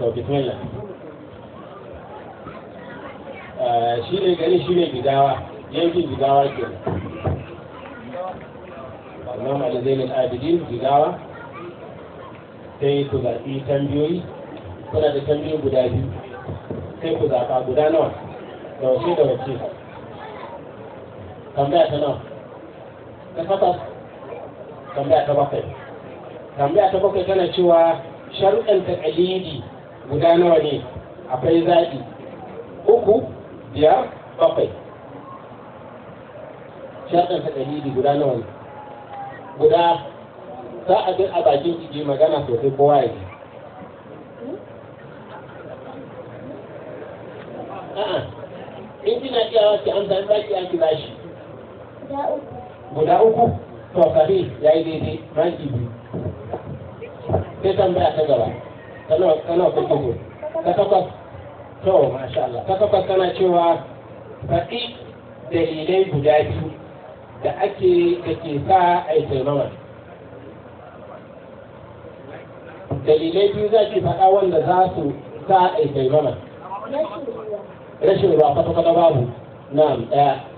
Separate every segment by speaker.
Speaker 1: to bismillah eh, shi ne gari shi ne gidawa yankin gidawa ke imam alizainin abidin gidawa sai ku zaɓi tambiyoyi kuna da tambiyoyi guda biyu sai ku zaɓa guda nawa da wace da wace tambaya ta nawa ta takwas tambaya ta bakwai tambaya ta bakwai tana cewa sharuɗan ƙalidi guda nawa ne akwai zaɓi uku biyar bakwai shaɗin ɗari dalili guda nawa ne guda za a bin a bakin ciki magana sosai kowa ya ji in kina iya ki an san baki an ki shi guda uku to kare ya yi daidai ranki biyu sai tambaya ta gaba kana kuɗi ta takwas to masha Allah ta kana cewa faɗi dalilai guda biyu da ake da ke sa ai yi taimama dalilai biyu za ki faɗa wanda za su sa ai yi taimama rashin ruwa kwata-kwata babu na ɗaya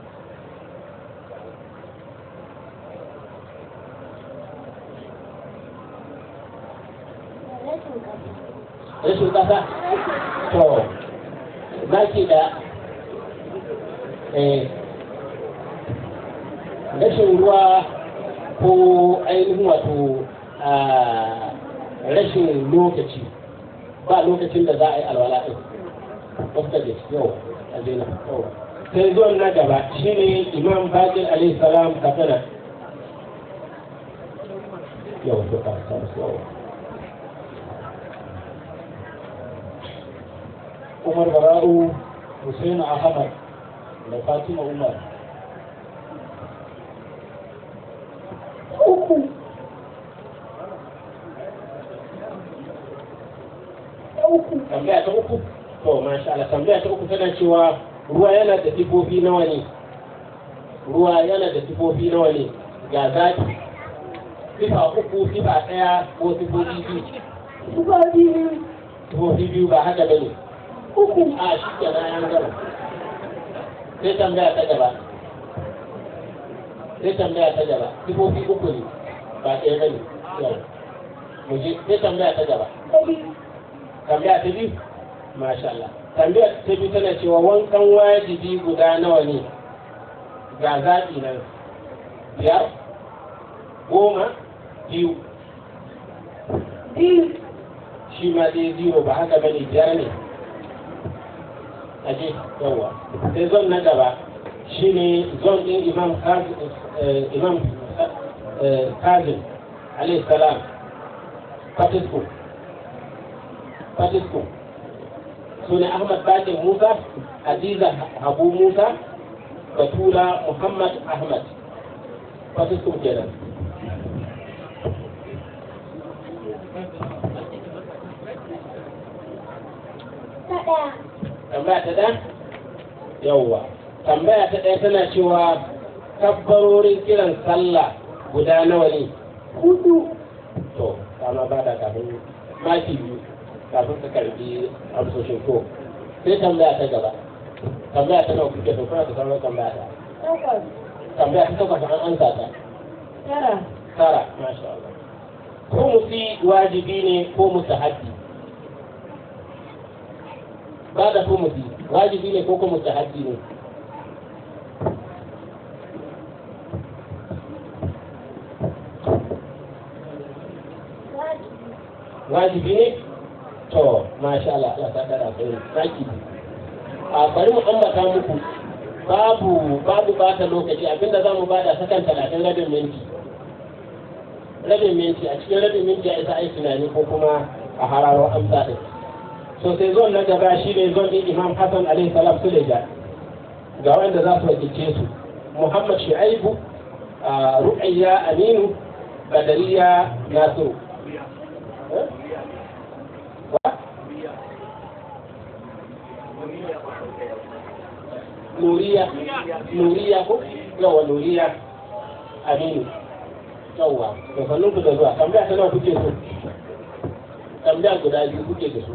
Speaker 1: rashin kasa to ba ki da eh, rashin ruwa ko ainihin wato rashin lokaci ba lokacin da za a yi alwala ɗin wata da yau a zina sai zuwan na gaba shi ne imam bakir alaihi salam kasana yau to yau umar bara'u hussein ahmad da fatima umar uku tambaya ta uku to masha Allah tambaya ta uku tana cewa ruwa yana da tifofi nawa ne ruwa yana da tifofi nawa ne ga zaki sifa uku sifa ɗaya ko tifofi biyu Tifofi biyu ba haka bane uku a shi ke ranar gaba sai tambaya ta gaba sai tambaya ta gaba sifofi uku ne ba ɗaya ba ne mu je sai tambaya ta gaba tambaya ta biyu masha Allah tambaya ta biyu tana cewa wankan wajibi guda nawa ne ga zaɓi nan biyar goma biyu biyu shi ma dai zero ba haka bane biyar ne aje yawa sai zon na gaba shine zon din imam eh, imam eh, kazim alayhi salam patisku patisku sune ahmad bakin musa aziza abu musa da tura muhammad ahmad patisku kenan Yeah. tambaya ta ɗan yawwa tambaya ta ɗaya tana cewa tabbarorin kiran sallah guda nawa ne hudu to kama ba da kafin maki biyu kafin ka karbi amsoshin ko sai tambaya ta gaba tambaya ta nawa ke so da sauran tambaya ta tambaya ta takwas an ansa ta tara tara masha Allah ko musi wajibi ne ko haddi ba da humusi wajibi ne ko kuma mustahabbi ne wajibi ne to masha Allah Allah ta kada kai saki a bari mu ambata muku babu babu bata lokaci abinda za mu bada sakan talatin rabin minti rabin minti a cikin rabin minti ya isa ai tunani ko kuma a hararo amsa din to sai zuwan na gaba shi ne zuwan din imam hassan alaihi salam suleja ga wanda za su rikice su muhammad shu'aibu Ru'ayya aminu badariya nasiru nuriya nuriya ko yawa nuriya aminu yawa da sannun ku da zuwa tambaya ta nawa kuke so tambaya guda biyu kuke da su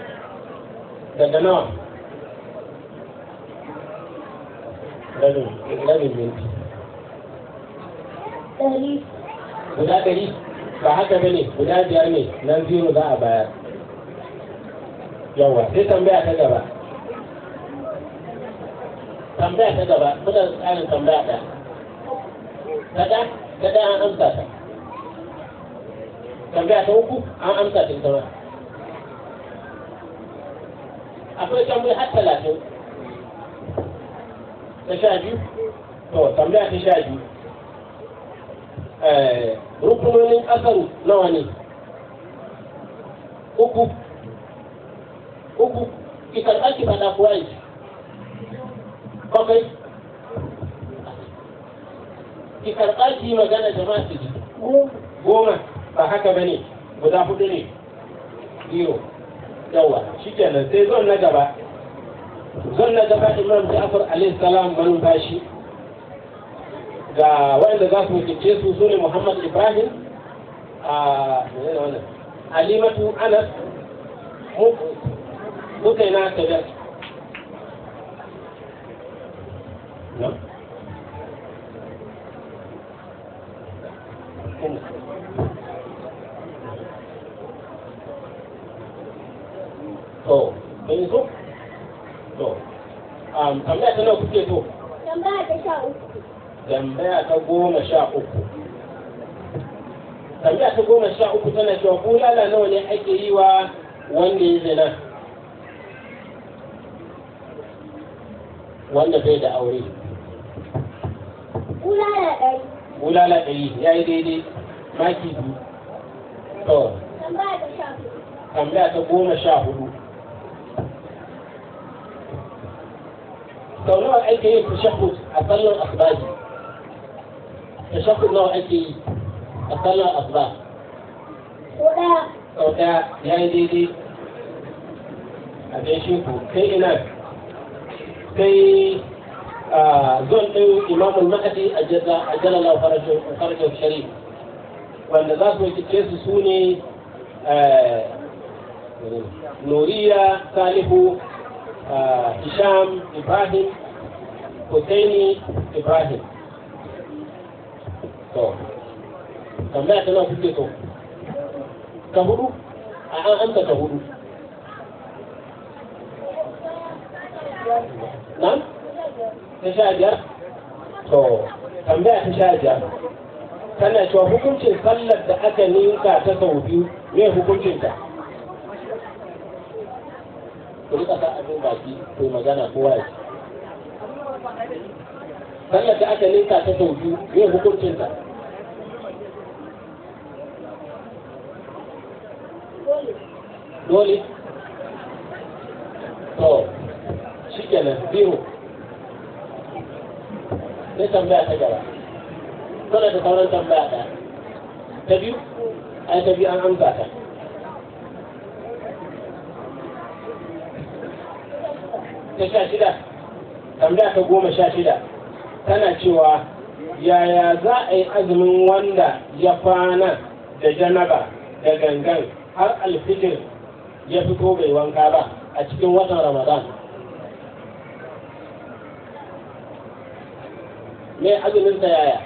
Speaker 1: daga nawa rabin rabin minti guda ɗari ba haka ba ne guda biyar ne nan zero za a bayar yawa sai tambaya ta gaba tambaya ta gaba muna tsarin tambaya ɗaya ta ɗa ta an amsa ta tambaya ta uku an amsa ta ita akwai tambayi har talatin ta sha biyu to tambaya ta sha biyu eh, rukunonin nawa ne uku uku ki karɓa ki kuwa yi kwakwai ki karɓa ki magana jama'a su ji goma ba haka ba ne guda hudu ne zero yawa shi shikenan sai zon na gaba zon na gaba imam ja'far alaihi salam barin bashi ga wanda za su wakilce su sune muhammad ibrahim a alimatu anas muka yi na tabbata to mun so to um tambaya ta nawa kuke so
Speaker 2: tambaya ta sha uku
Speaker 1: tambaya ta goma sha uku tambaya ta goma sha uku tana cewa bulala nawa ne ake yi wa wanda ya zina wanda bai da aure
Speaker 2: bulala ɗari
Speaker 1: bulala ɗari ya yi daidai maki biyu to tambaya ta goma sha hudu nawa ake yin tashakkut a sallar asbahi tashakkut nawa ake yi a sallar asbah kuda kuda ya yi daidai a gaishe ku kai ina kai zon ɗin imamul mahadi a jalala farajin sharif wanda za su rikice su su ne nuriya salihu Hisham Ibrahim Hussaini Ibrahim to tambaya tana kuke so Ka hudu a an amsa ka hudu nan ta sha biyar to tambaya ta sha biyar tana cewa hukuncin sallar da aka ninka ta sau biyu me hukuncinta
Speaker 2: ku rika sa abin baki ku magana kowa waye. sallar da aka linka ta sau biyu yin hukuncinta
Speaker 1: dole to shi kenan biyu sai tambaya ta gaba tana da sauran tambaya ta ta biyu ai ta biyu an amsa ta ta sha shida tambaya ta goma sha shida tana cewa yaya za a yi azumin wanda ya kwana da janaba da gangan har alfijir ya fito bai wanka ba a cikin watan ramadan me azumin ta yaya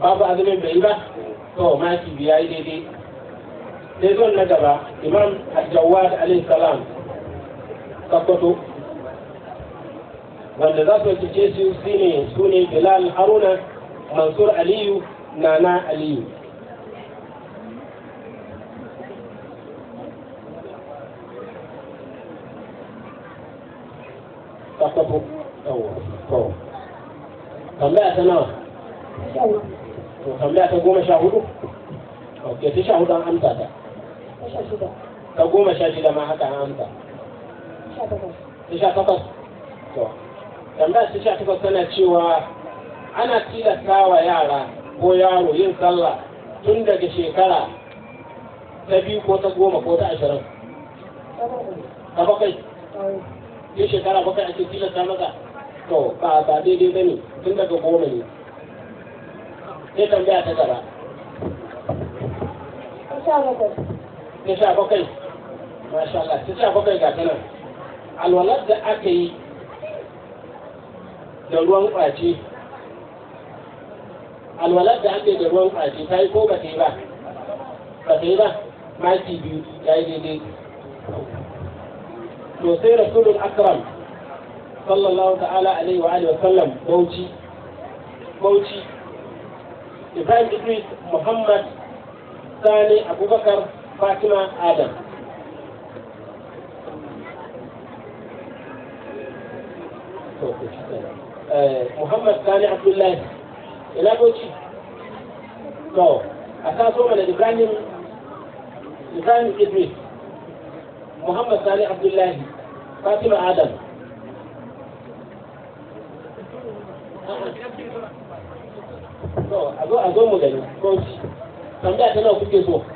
Speaker 1: babu azumin bai yi ba to maki biya daidai sai zon na gaba imam al-jawad alayhi salam kakwato wanda za su rikice su shine su ne bilal haruna mansur aliyu nana aliyu kakwato tambaya ta nawa tambaya ta goma sha hudu ok ta sha hudu an amsa ta ka goma sha shida ma haka an amsa ta sha takwas to tambaya ta sha takwas tana cewa ana tilasta wa yara ko yaro yin sallah tun daga shekara ta biyu ko ta goma ko ta ashirin ta bakwai yin shekara bakwai ake tilasta maka to ba ba daidai bane tun daga goma ne sai tambaya ta gaba. ta masha Allah da aka yi da ruwan ƙwace alwalar da aka ko ba ta ba ba ta ba maki biyu ya yi daidai to sai rasulun akram sallallahu ta'ala alaihi wa alihi wa sallam bauchi bauchi ibrahim idris muhammad sani abubakar fatima adam eh, muhammad sani abdullahi ina goci to a so mana ibrahim ibrahim idris muhammad sani abdullahi fatima adam a zo mu gani goci tambaya ta nawa kuke so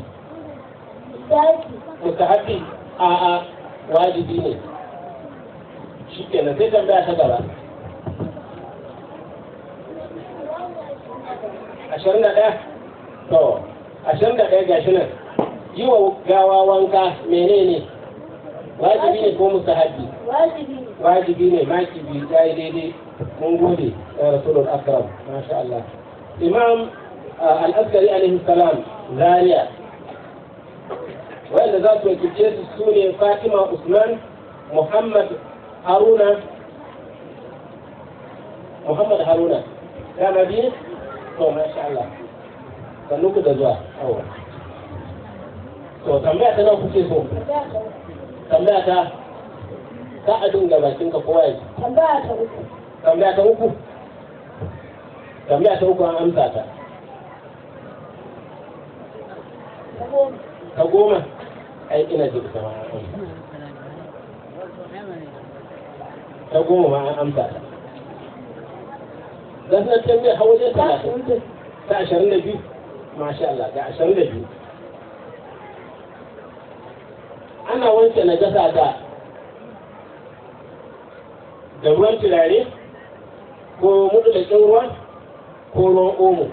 Speaker 1: mustahabi a a wajibi ne shi kenan sai tambaya ta gaba ashirin da ɗaya to ashirin da ɗaya gashi nan yi wa gawa wanka menene wajibi ne ko mustahabi wajibi ne maki biyu ya yi daidai mun gode ya rasulun akram masha Allah imam al-askari alaihi salam zariya wanda za su wakilce su su ne fatima usman muhammad haruna muhammad haruna kana biyu to masha Allah sannu ku da zuwa awa to tambaya ta nan kuke so tambaya ta ka a dinga bakin ka kowa ya
Speaker 2: tambaya ta uku
Speaker 1: tambaya ta uku tambaya ta uku an amsa ta ta goma ai ina jin kama ta goma ma an amsa dan nan tambayar hawa zai talatin ta ashirin da biyu masha Allah ga ashirin da biyu ana wanke najasa da da ruwan turare ko mutulakin ruwa ko ruwan omo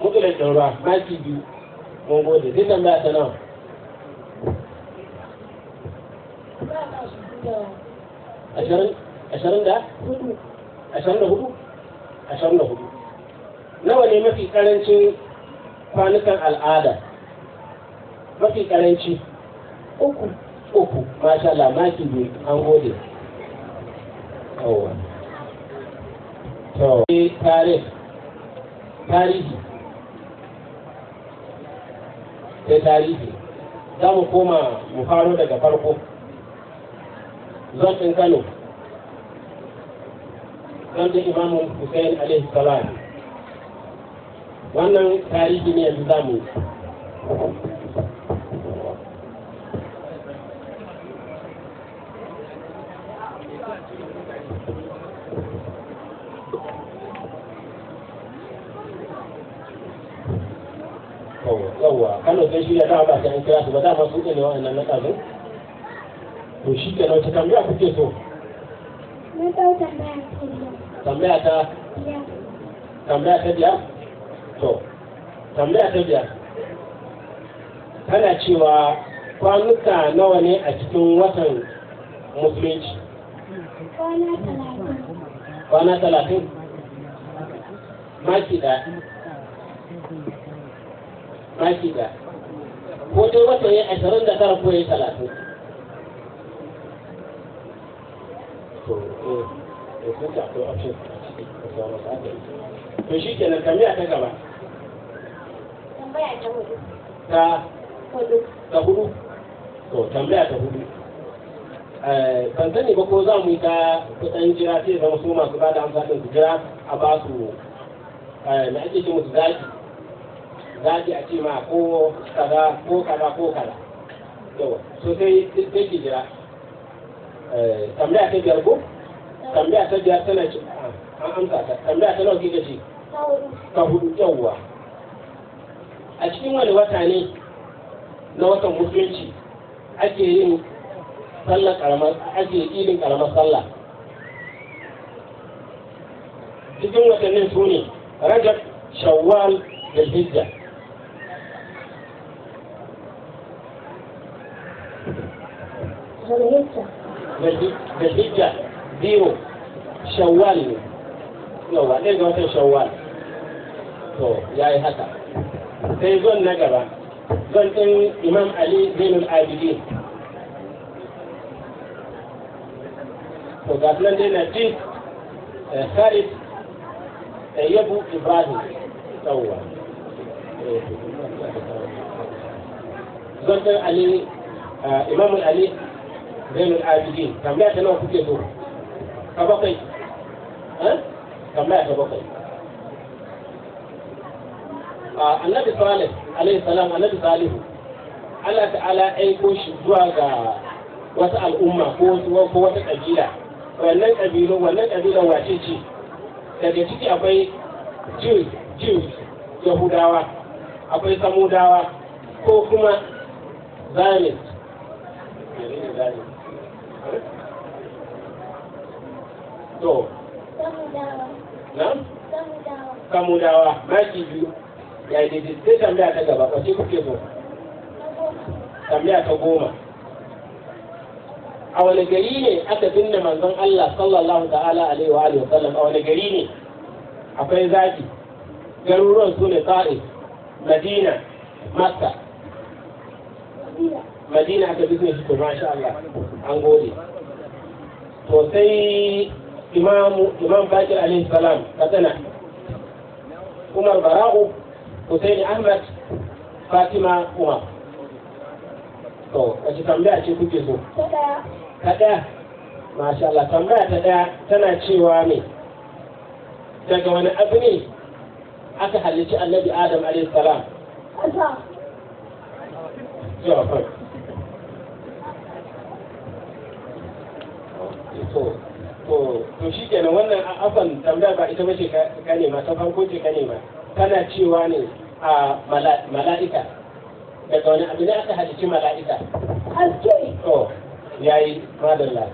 Speaker 1: mutulakin ruwa maki biyu mun gode zai tambaya ta nawa ashirin nawa ne mafi karancin kwanukan al'ada mafi karanci uku uku masha maki ne, an gode to eh, tarih tarihi sai tarihi za mu koma mu faro daga farko zaɓin kano zaɓin imamu hussein alaihi salam wannan tarihi ne yanzu zamu yawwa kano sai shi ta dama ba ta yan kira su ba dama su ne wa'annan na ƙazin to shi ke nan tambaya ta tambaya ta tana cewa kwanuka nawa ne a cikin watan musulunci kwana talatin maki da maki da ko dai watan ya ashirin da tara ko ya talatin da sun sa to a cin da kamiya ta gaba
Speaker 2: tambaya ta hudu
Speaker 1: ta hudu to tambaya ta hudu ban sani ba ko za mu yi ta kudan jira sai zama su masu ba da amsa din su jira a ba su na ake ce musu zaki zaki a ce ma ko kaza ko kaza ko kaza yawa so sai take jira tambaya ta biyar ko tambaya ta biya tana ce an amsa ta tambaya ta nawa kika ce ka hudu yawwa a cikin wani wata ne na watan musulunci ake yin sallar karamar ake idin karamar sallah cikin watannin su ne rajab shawwal da hijja da hijja zero shawwal ne yawa ɗaya ga watan shawwal to ya yi haka sai zon na gaba zon ɗin imam ali zainul abidin to ga nan dai na jin khalid yabu ibrahim yawa zon ɗin ali eh, imam ali zainul abidin tambaya ta nawa kuke ta bakwai eh? tambaya ta bakwai annabi salih alaihi salam annabi salih Allah ta'ala aiko shi zuwa ga wata al'umma ko ko wata kabila wannan kabila wannan kabila wace ce daga ciki akwai jews jews yahudawa akwai samudawa ko kuma zalim zalim to dawa, maki biyu ya daidai sai tambaya ta gaba kwace kuke so
Speaker 2: tambaya ta goma
Speaker 1: a wani gari ne aka binne manzon Allah sallallahu ta'ala alaihi wa alihi wasallam a wani gari ne akwai zaki garuruwan su ne Ta'if Madina Makka Madina aka binne shi to masha Allah an gode to sai imamu imam bakir alaihi salam katsina umar bara'u husaini ahmad fatima umar to wace tambaya ce kuke so ta ɗaya masha Allah tambaya ta ɗaya tana cewa ne daga wani abu ne aka halicci annabi adam alaihi salam to to to shi kenan wannan afan tambaya ba ita bace ka nema ta farko ce ka nema tana cewa ne a mala'ika daga wani abu ne aka halici mala'ika haske to yayi madalla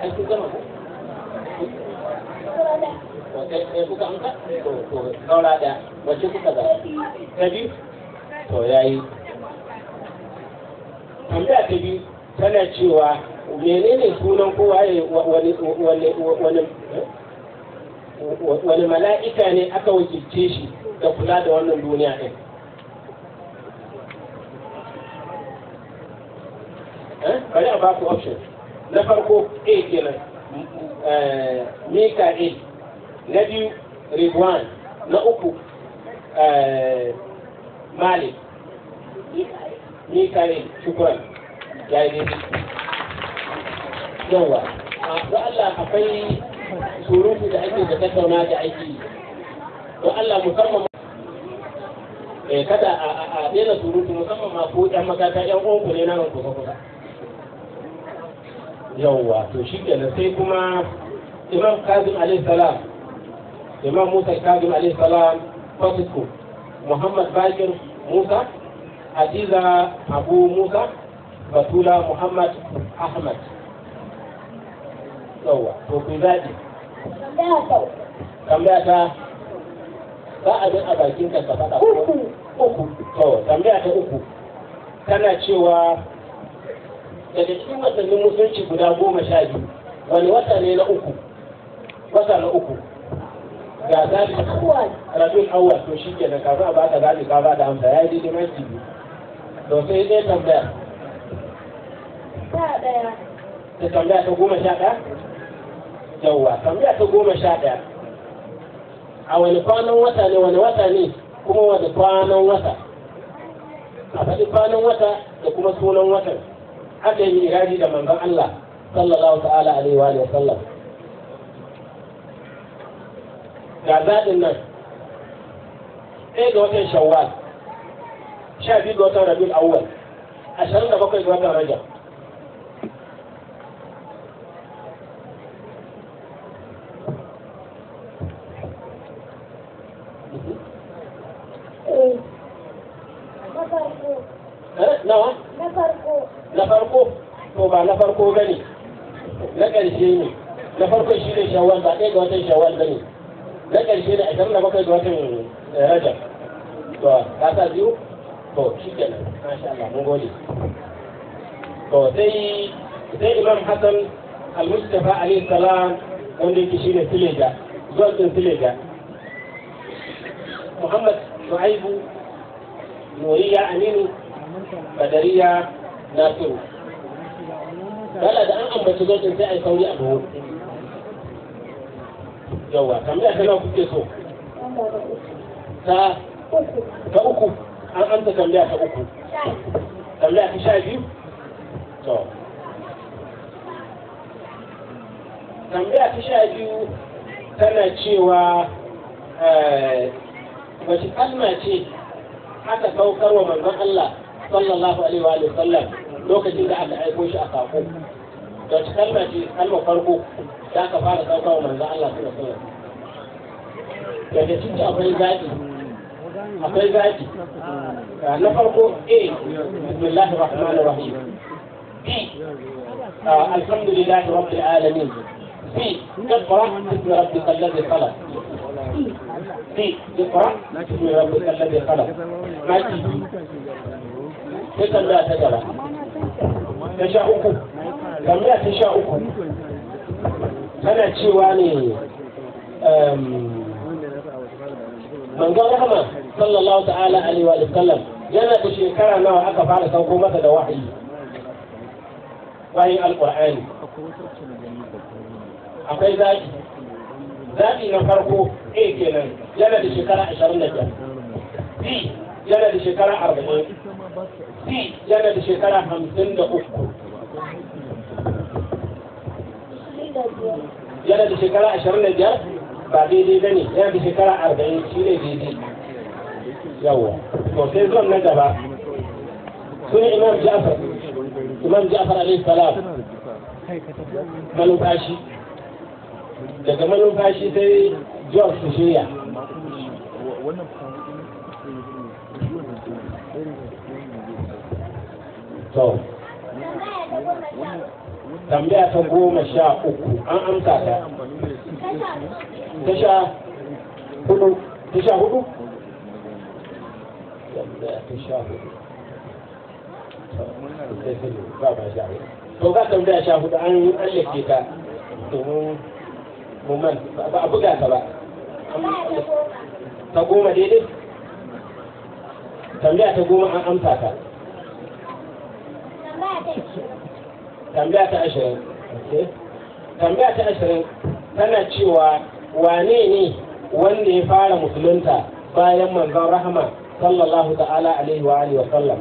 Speaker 1: Thank you. to kai kuka amsa to to saura da kuka zaɓa ta biyu to yayi tambaya ta biyu tana cewa menene sunan kowa ya wani mala'ika ne aka wakilce shi da kula da wannan duniya ɗin eh, bari a baku option na farko a kenan Eh, mika'il na biyu ridwan na uku eh, malik mika'il shukran ya yi yawa ga Allah akwai surutu da ake da tattauna da ake yi don Allah musamman eh, kada a daina surutu musamman ma ko 'yan makata 'yan uwanku ne na nan kusa kusa yawwa to shi kenan sai kuma imam kazim alayhi salam imam musa kazim alayhi salam fasiko muhammad bakir musa hadiza abu musa batula muhammad ahmad yawwa to ku zaɓi tambaya ta ba a bin a bakin ka ta faɗa uku uku to tambaya ta uku tana cewa daga cikin watannin musulunci guda goma sha biyu wani wata ne na uku wata na uku ga zaɓi rabiul awwal to shi ke da kafin a baka zaɓi ka ba da amsa ya yi daidai mai biyu to sai zai tambaya ta tambaya ta goma sha ɗaya yawwa tambaya ta goma sha ɗaya a wani kwanan wata ne wani wata ne kuma wani kwanan wata a faɗi kwanan wata da kuma sunan watan aka yi irari da manzon Allah sallallahu ta'ala alaihi wa sallam ga zaɗin nan ɗaya ga watan shawwal sha biyu ga watan rabiul awwal ashirin da bakwai ga watan rajab nawa na farko to ba na farko gani. na ƙarshe ne na farko shi ne shawwal ba ɗaya ga watan shawwal gani. ne na ƙarshe ne a shirin da bakwai ga watan eh, rajab to ka sa biyu to shi kenan masha Allah mun gode to sai sai imam hasan al-mustafa alayhi salam wanda yake ne sileja zuwa ɗin sileja muhammad shu'aibu nuriya aminu badariya nafi'u
Speaker 2: wala da an ambaci zojin sai a yi sauri a dogo
Speaker 1: yawa kamar da nawa kuke so ta ta uku an amsa tambaya ta uku tambaya ta sha biyu to tambaya ta sha biyu tana cewa eh, wace kalma ce aka saukar wa manzon Allah sallallahu alaihi wa sallam lokacin da aka aiko shi a sako to ci kalma ce kalma farko da aka fara saukar wa manzon Allah sallallahu alaihi wasallam daga cikin akwai zaɓi
Speaker 2: akwai zaɓi na farko a bismillahir rahmanir rahim b alhamdulillahi
Speaker 1: rabbil alamin في اقرأ باسم ربك الذي خلق في اقرأ باسم ربك الذي خلق ما تجي
Speaker 2: تكن لا تجرى ta sha uku tambaya ta sha uku tana cewa ne ehm,
Speaker 1: manzon rahama sallallahu ta'ala alaihi wa sallam yana da shekara nawa aka fara sauko masa da wahayi bayan alqur'ani akwai zaki zaki na farko a kenan yana da shekara ashirin 25 b yana da shekara arba'in. si yana da shekara hamsin da uku yana da shekara ashirin da biyar ba daidai ba ne yana da shekara arba'in shi ne daidai yawa to sai zuwan na gaba sun imam ja'far imam ja'far alaihi salam manufashi daga manufashi sai george su shirya
Speaker 2: to tambaya ta goma sha uku an amsa ta ta sha
Speaker 1: hudu ta sha hudu ta sha hudu to ka tambaya sha hudu an yake ta domin muman ba a buga ta ba ta goma daidai tambaya ta goma an amsa ta tambaya ta ashirin tambaya ta ashirin tana cewa wane ne wanda ya fara musulunta bayan manzon rahama sallallahu ta'ala alaihi wa alihi wa sallam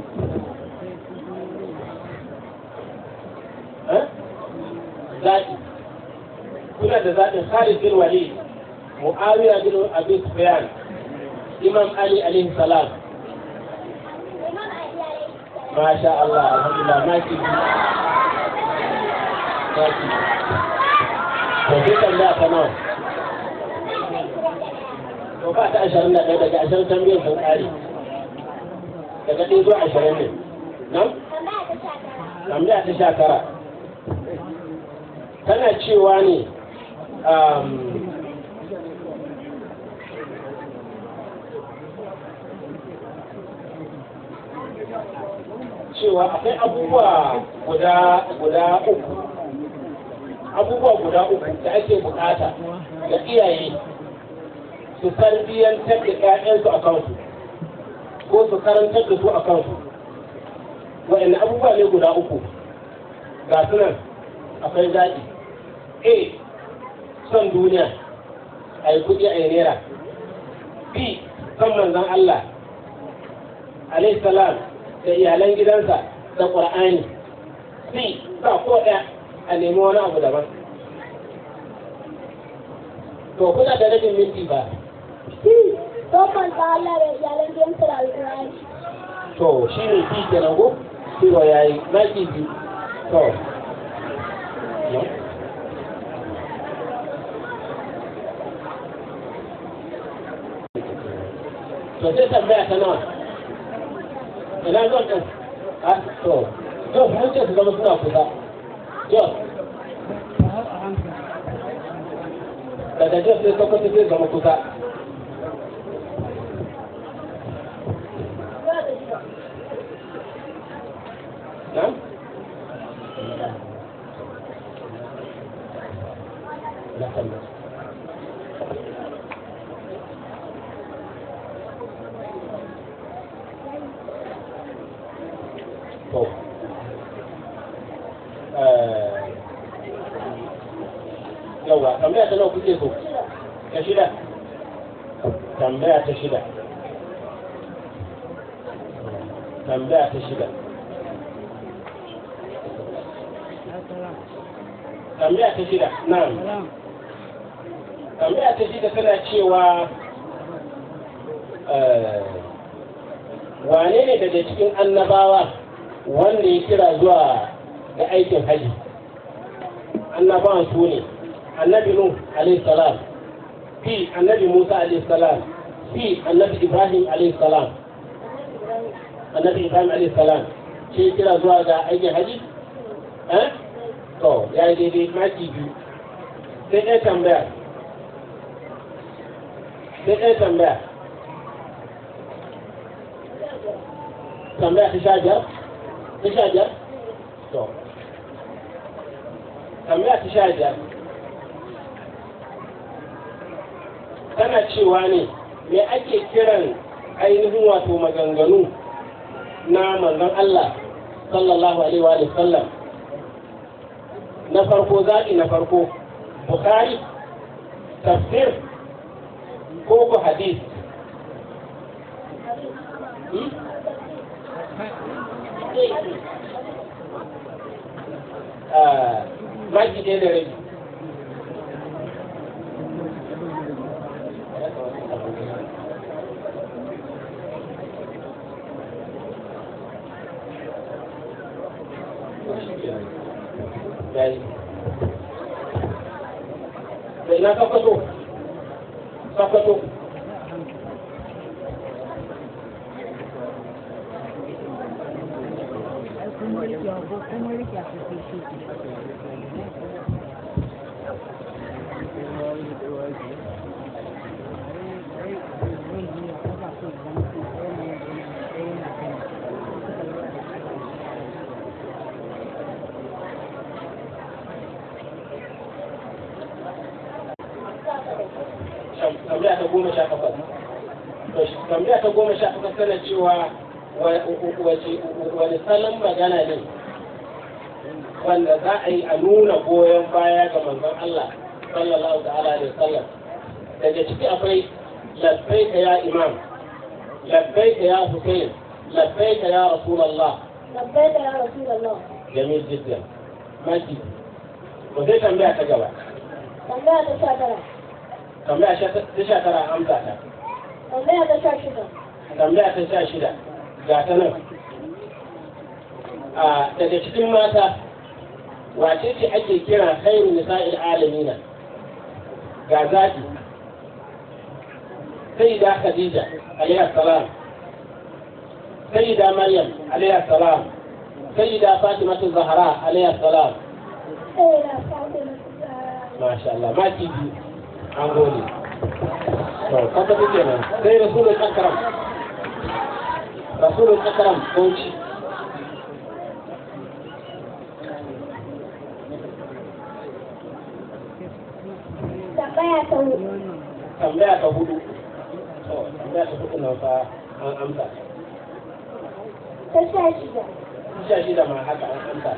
Speaker 1: zaɓi kuna da zaɓin Khalid bin Walid Muawiya bin Abi Sufyan Imam Ali alaihi salam masha Allah alhamdulillah na ki na ki to ke tambaya ka nawa
Speaker 2: to ba ta ashirin da ɗaya daga ashirin tambayar sun ƙare
Speaker 1: daga ɗaya zuwa ashirin ne nan tambaya ta sha tara tana cewa ne
Speaker 2: Thank um, you. cewa akwai abubuwa guda guda uku abubuwa guda uku da ake bukata
Speaker 1: ga iyaye su tarbiyyantar da ƴaƴansu a kansu ko su karantar da su a kansu abubuwa ne guda uku ga sunan akwai zaɓi a son duniya a yi kuɗi a yi naira b son manzan Allah alaihi salam da iyalan gidansa da ƙur'ani sai ba ko ɗaya a nemi wani abu daban to kuna da rabin minti ba
Speaker 2: Tokan ta Allah da iyalan gidansa da alƙur'ani
Speaker 1: to shi ne ke kenan ko wa yayi na ki ji to
Speaker 2: to sai tambaya ta nawa
Speaker 1: ẹ̀dá ẹjọ́ tẹ̀ á tọ̀ yóò fún oúnjẹ tó lọ́dún fún àkùdá yọ. Dàdàjọ́ ṣe tọkọ tẹ́tẹ́ ìgbàmọ̀kúta. fi ibrahim alaihi salam annabi ibrahim alaihi salam shi kira zuwa ga aikin haji eh? to ya yi daidai maki biyu sai ɗaya tambaya sai ɗaya tambaya tambaya ta sha biyar ta to tambaya tana cewa ne me ake kiran ainihin wato maganganu na manzon Allah sallallahu alaihi wa sallam na farko zaɓi na farko bukari tafsir ko ku hadis Maji da rabi. jayi da ina ka ka kuma rike kuma rike
Speaker 2: a cikin shi
Speaker 1: tambaya ta goma sha takwas tana cewa wani salon magana ne wanda za a yi a nuna goyon baya ga manzon Allah sallallahu ta'ala alaihi wasallam daga ciki akwai labbaika ya imam labbaika ya husayn labbaika ya rasulullah
Speaker 2: labbaika ya rasulallah,
Speaker 1: jamil jiddan maki ko sai tambaya ta gaba
Speaker 2: tambaya ta sha tara
Speaker 1: tambaya ta sha tara amsa ta
Speaker 2: tambaya ta sha shida
Speaker 1: tambaya ta sha shida ga ta nan a daga cikin mata wace ce ake kira khairun nisa'il alamina ga zaki sai da khadija alayhi salam sai da maryam alayhi salam sai da fatima zahra alayhi salam ما شاء الله ما an gode. kaga ta ke nan sai rasulul akram
Speaker 2: rasulul akram kunci tambaya
Speaker 1: ta hudu tambaya ta hudu tambaya ta hudu na fa an amsa
Speaker 2: Tasha shida
Speaker 1: Tasha shida ma haka an amsa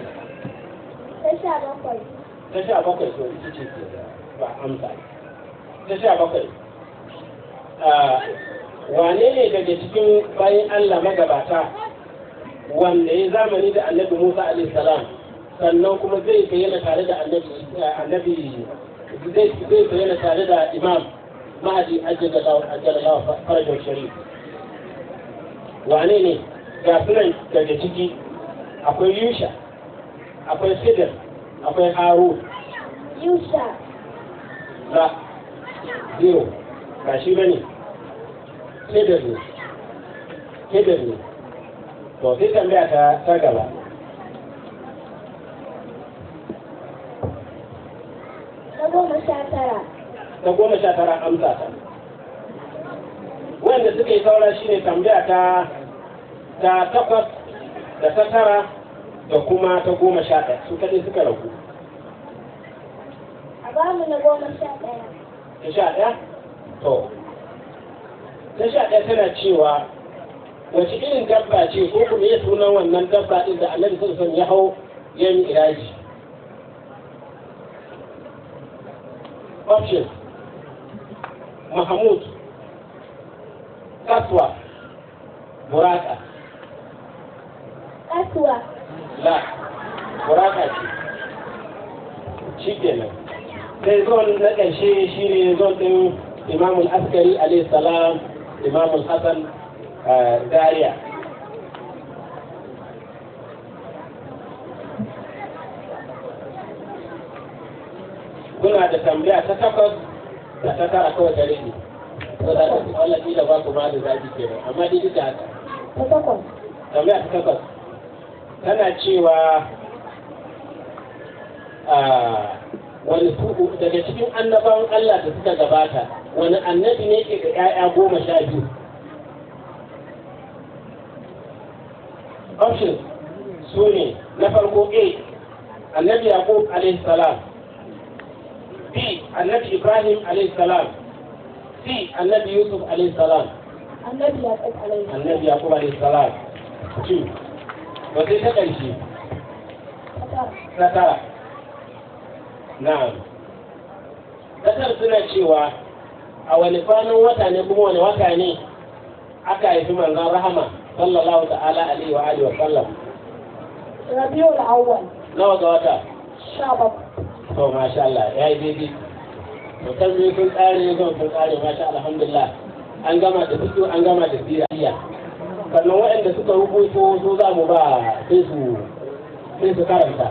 Speaker 2: ta sha bakwai
Speaker 1: Tasha bakwai so ita ce ke ba amsa Tasha bakwai wane ne daga cikin bayan Allah magabata wanda ya zamani da annabi Musa alaihi salam sannan kuma zai yana tare da annabi zai yana tare da imam mahadi ajiyar farajin shari wane ne ga sunan daga ciki akwai yusha akwai sidar akwai haru yusha ba zero ba shi ba ne kedar ne kedar ne to sai tambaya ta ta gaba
Speaker 2: ta goma sha tara
Speaker 1: ta goma sha tara amsa ta wanda suka yi saura shine tambaya ta ta takwas da ta tara da kuma ta goma sha ɗaya su kaɗai suka ragu
Speaker 2: a bamu na goma sha ɗaya
Speaker 1: sha ɗaya to ta sha ɗaya tana cewa wace irin dabba ce ko kuma ya sunan wannan dabba ɗin da sun san ya hau ya yi iraji option mahmud kaswa buraka kaswa la buraka ce shi kenan sai zon na ƙarshe shi ne zon ɗin imamul askari alaihi salam imam al-hasan eh, zaria kuna da tambaya ta takwas da ta kawai gare ni ko da kasu wannan kila ba ku ma da zafi kenan amma dai duk haka tambaya ta takwas tana cewa ah, wani suku daga cikin annabawan Allah da suka gabata wani annabi ne ke da ƴaƴa goma sha biyu options su ne na farko a annabi yaqub alaihi salam b annabi ibrahim alaihi salam c annabi yusuf alaihi salam
Speaker 2: annabi yaqub
Speaker 1: alaihi salam 2 wata ta ƙarshe na tara na'am kasar suna cewa a wani kwanan wata ne kuma wani wata ne aka haifi manzon rahama sallallahu ta'ala alaihi wa alihi wa sallam
Speaker 2: rabiul awwal nawa ga wata sha
Speaker 1: to masha Allah ya yi daidai kan ne sun tsare ne sun tsare masha alhamdulillah an gama da fito an gama da biyayya. sannan waɗanda suka rubuto su za mu ba sai su sai su karanta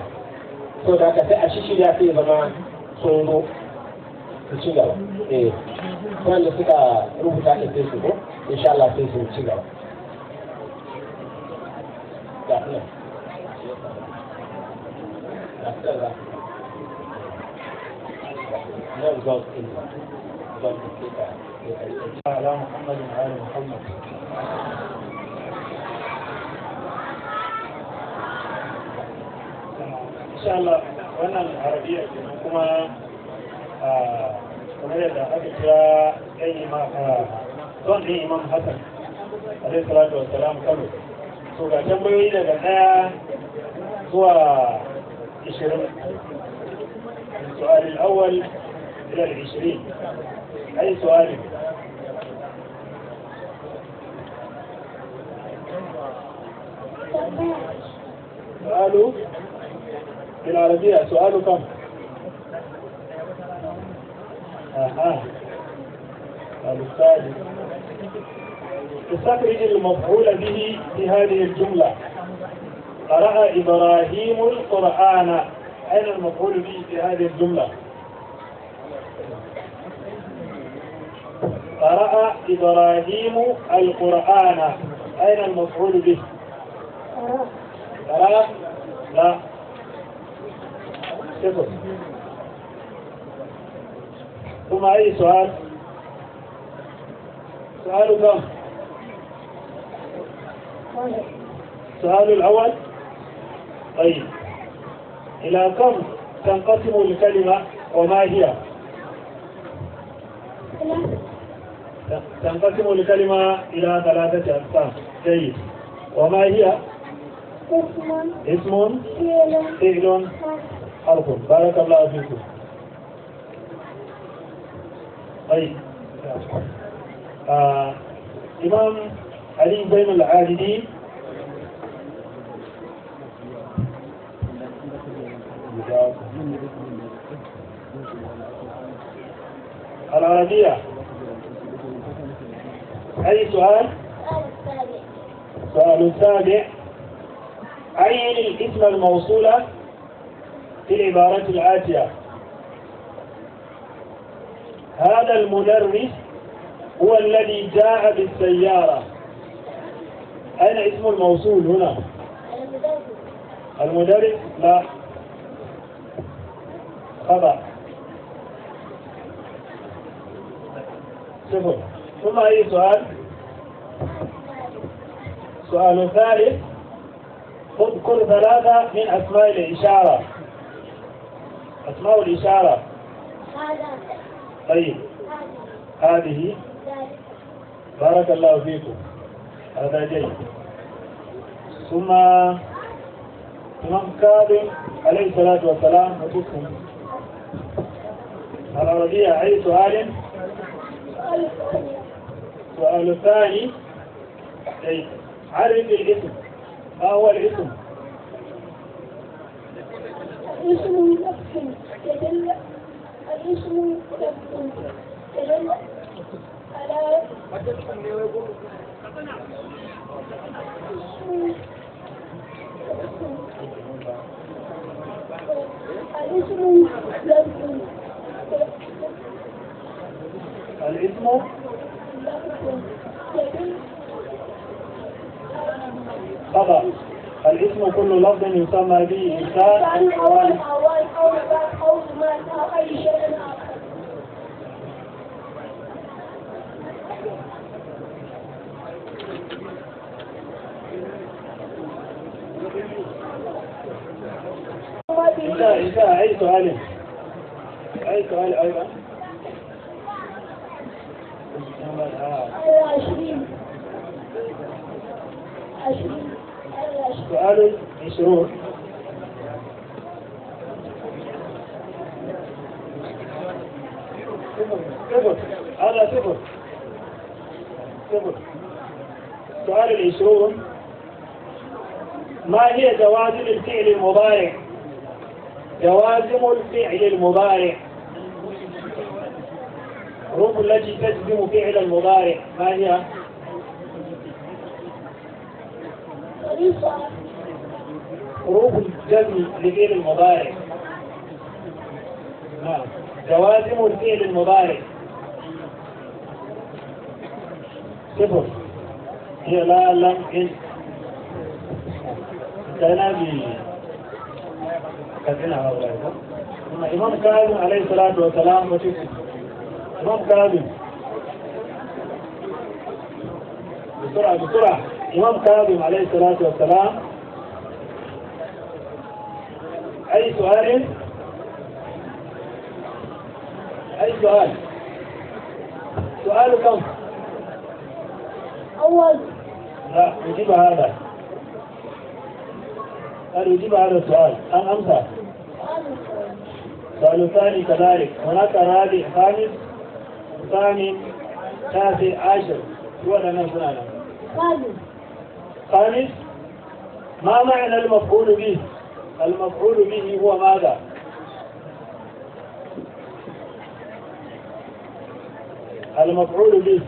Speaker 1: so da haka sai a shi shirya sai zama sun zo su ci gaba eh wanda suka rubuta da sai su zo insha Allah sai su ci gaba da nan
Speaker 2: على محمد وعلى محمد
Speaker 1: insha Allah wannan arabiya kenan kuma kamar yadda aka kira ɗan imam don ɗin imam hassan alaihi salatu wa salam kano to ga tambayoyi daga ɗaya zuwa ishirin السؤال الأول إلى العشرين أي سؤال سؤاله بالعربية سؤال كم؟ أها الأستاذ استخرج المفعول به في هذه الجملة قرأ إبراهيم القرآن أين المفعول به في هذه الجملة؟ قرأ إبراهيم القرآن أين المفعول به؟ قرأ لا ثم أي سؤال؟ سؤال كم؟ السؤال الأول طيب إلى كم تنقسم الكلمة وما هي؟ تنقسم الكلمة إلى ثلاثة أقسام جيد وما هي؟ اسم اسم فعل أرجو بارك الله فيكم طيب آه. إمام علي بين العابدين العربية أي سؤال؟ سؤال سابع عين الاسم الموصولة في العبارة الآتية هذا المدرس هو الذي جاء بالسيارة أين اسم الموصول هنا المدرس لا خطأ شوفوا ثم أي سؤال سؤال ثالث اذكر ثلاثة من أسماء الإشارة أسماء الإشارة طيب هذه بارك الله فيكم هذا جيد ثم إمام كاظم عليه الصلاة والسلام على العربية أي سؤال سؤال الثاني طيب. عرف الاسم ما هو الاسم
Speaker 2: الاسم يؤكد يدل الاسم يؤكد يدل على الاسم يؤكد
Speaker 1: الاسم خبر الاسم كل لفظ يسمى به إنسان عن حوال حوال أو نبات أو جمال أو أي شيء آخر أيوة،
Speaker 2: عشرين عشرين سؤال عشرون صفر هذا صفر صفر السؤال
Speaker 1: العشرون ما هي جوازم الفعل المضارع؟ جوازم الفعل المضارع الحروف التي تجزم فعل المضارع ما هي؟ خروج الدم لفعل المضارع نعم جوازم الفعل المضارع صفر هي لا لم إن إمام كاظم عليه الصلاة والسلام إمام كاظم
Speaker 2: بسرعة بسرعة إمام
Speaker 1: كاظم عليه الصلاة والسلام أي سؤال أي سؤال سؤال كم أول لا أجيب هذا قال أجيب هذا السؤال أم أمسى سؤال ثاني كذلك هناك رابع خامس ثاني تاسع عاشر هو لنا خامس خامس ما معنى المفعول به المفعول به هو ماذا المفعول به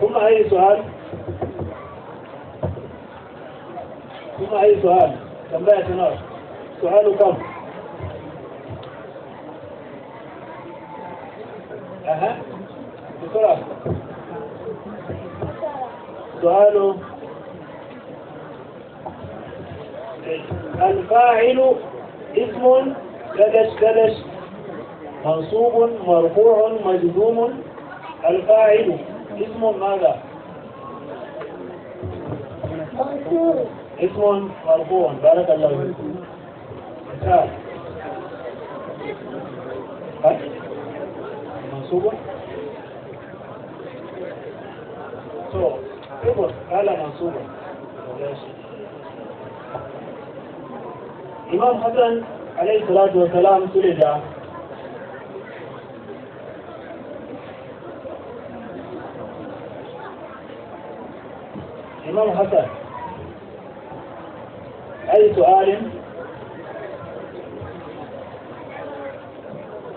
Speaker 1: ثم أي سؤال ثم أي سؤال كم سؤال كم سؤاله الفاعل اسم كدش كدش منصوب مرفوع مجزوم الفاعل اسم ماذا؟ اسم مرفوع بارك الله فيكم منصوب صبر إمام حسن عليه الصلاة والسلام سلد إمام حسن أي سؤال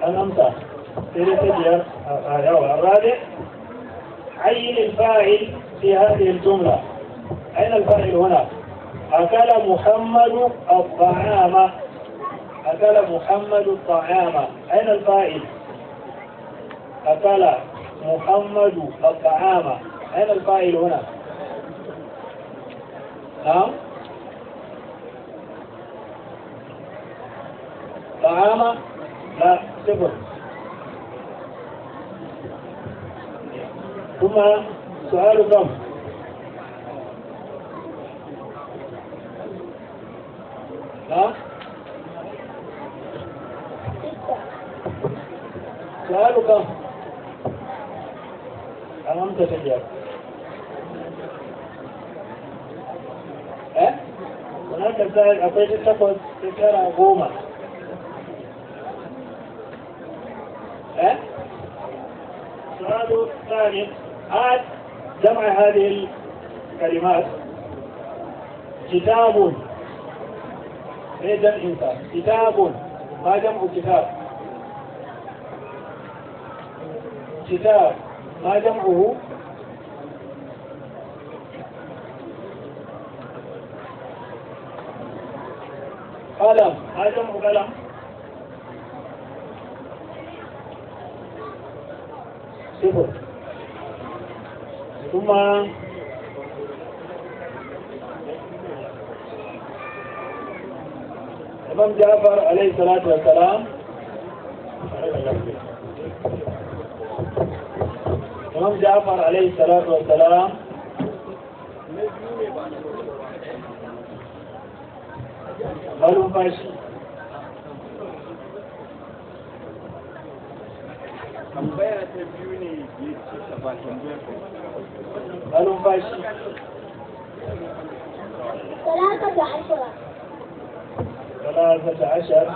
Speaker 1: الأمثال ثلاثة آه، الرابع عين الفاعل في هذه الجملة أين الفعل هنا أكل محمد الطعام أكل محمد الطعام أين الفاعل أكل محمد الطعام أين الفاعل هنا نعم طعام لا صفر
Speaker 2: ثم سؤال ضم
Speaker 1: ها سؤال ضم أمامك تجاوب eh wannan tambayar akwai ta takwas ta tara goma eh sa'adu tsarin ad جمع هذه الكلمات كتاب ايه الانسان كتاب ما جمع كتاب كتاب ما جمعه قلم ما جمع قلم صفر ثم إمام جعفر عليه الصلاة والسلام إمام جعفر عليه الصلاة والسلام معلوم فاشي tambaya ta biyu ne ya ce ta قالوا ثلاثة عشر ثلاثة عشر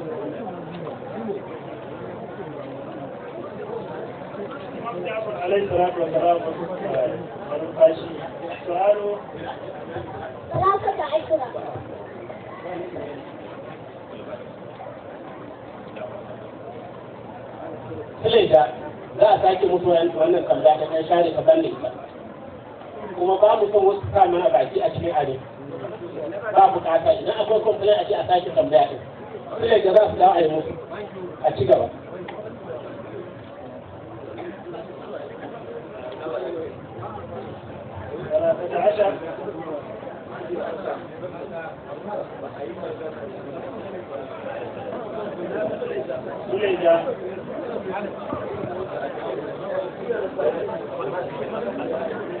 Speaker 1: Imam da za a sake mutu wannan kalla ta kan share ka balle kuma ba mu son wasu sa mana baki a cikin abin ba bukata idan akwai komplain a ce a sake tambaya din. Tilaita za su dawo a yi musu a ci gaba.
Speaker 2: العشاء Thank you.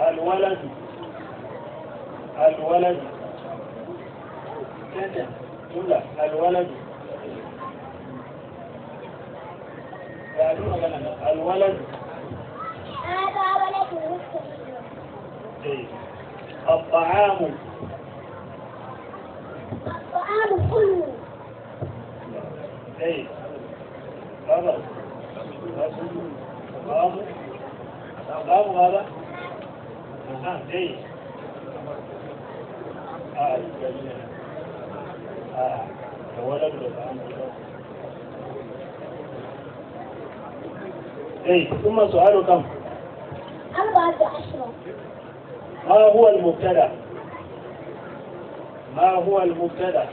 Speaker 1: الولد الولد جملة الولد الولد هذا ولد الطعام
Speaker 2: الطعام كله
Speaker 1: اي هذا هذا هذا اي ثم سؤال كم؟
Speaker 2: أربعة عشرة
Speaker 1: ما هو المبتدأ؟ ما هو المبتدأ؟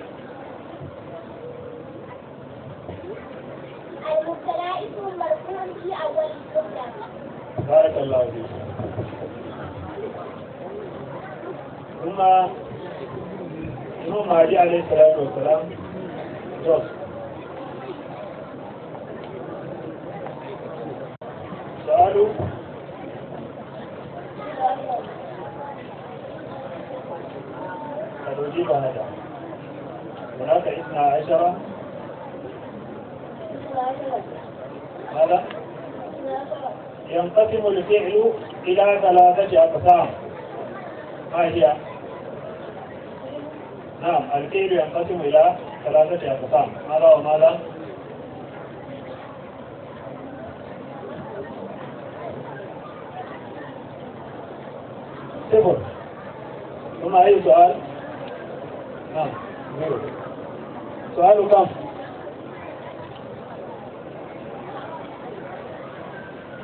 Speaker 2: المبتدأ اسم مرفوع في أول الجملة
Speaker 1: بارك الله فيك ثم
Speaker 2: imam عليه الصلاه والسلام
Speaker 1: wasalam jos سألوا فنجيب هذا هناك اثنا عشرة ماذا؟ ينقسم الفعل إلى ثلاثة أقسام ما هي؟ نعم الكيل ينقسم إلى ثلاثة أقسام ماذا وماذا؟ صفر ثم أي سؤال؟ نعم سؤال كم؟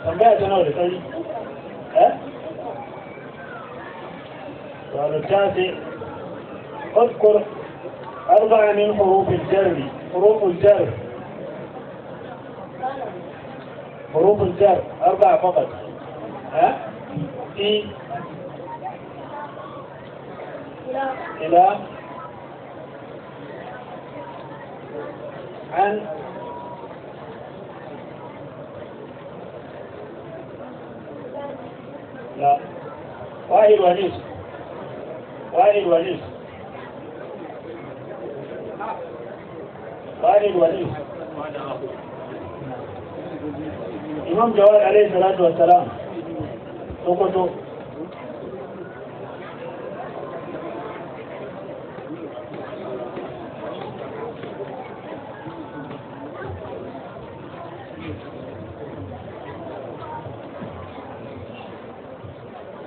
Speaker 1: tambaya ta nawa da sauri eh? Wani tasi اذكر أربعة من حروف الجر حروف الجر حروف الجر أربعة فقط ها في إلى عن لا واحد ونيس واحد ونيس قال الولي
Speaker 2: إمام جواد عليه الصلاة والسلام
Speaker 1: سقطوا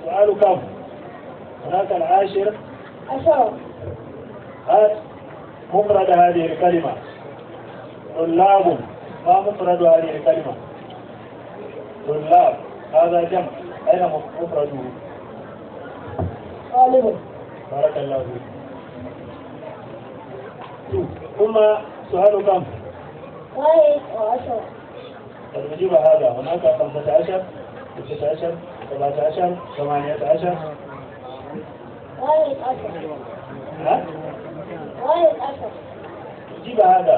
Speaker 1: سؤال كم؟ هناك العاشر عشرة هات مفرد هذه الكلمة طلاب ما مفرد هذه الكلمة طلاب هذا جمع أين مفرده؟ طالب بارك الله فيك ثم سؤال كم؟ واحد
Speaker 2: طيب، وعشرة
Speaker 1: المجيب طيب، هذا هناك خمسة عشر ستة عشر سبعة عشر ثمانية عشر
Speaker 2: واحد طيب، عشر ها؟ واحد عشر
Speaker 1: نجيب هذا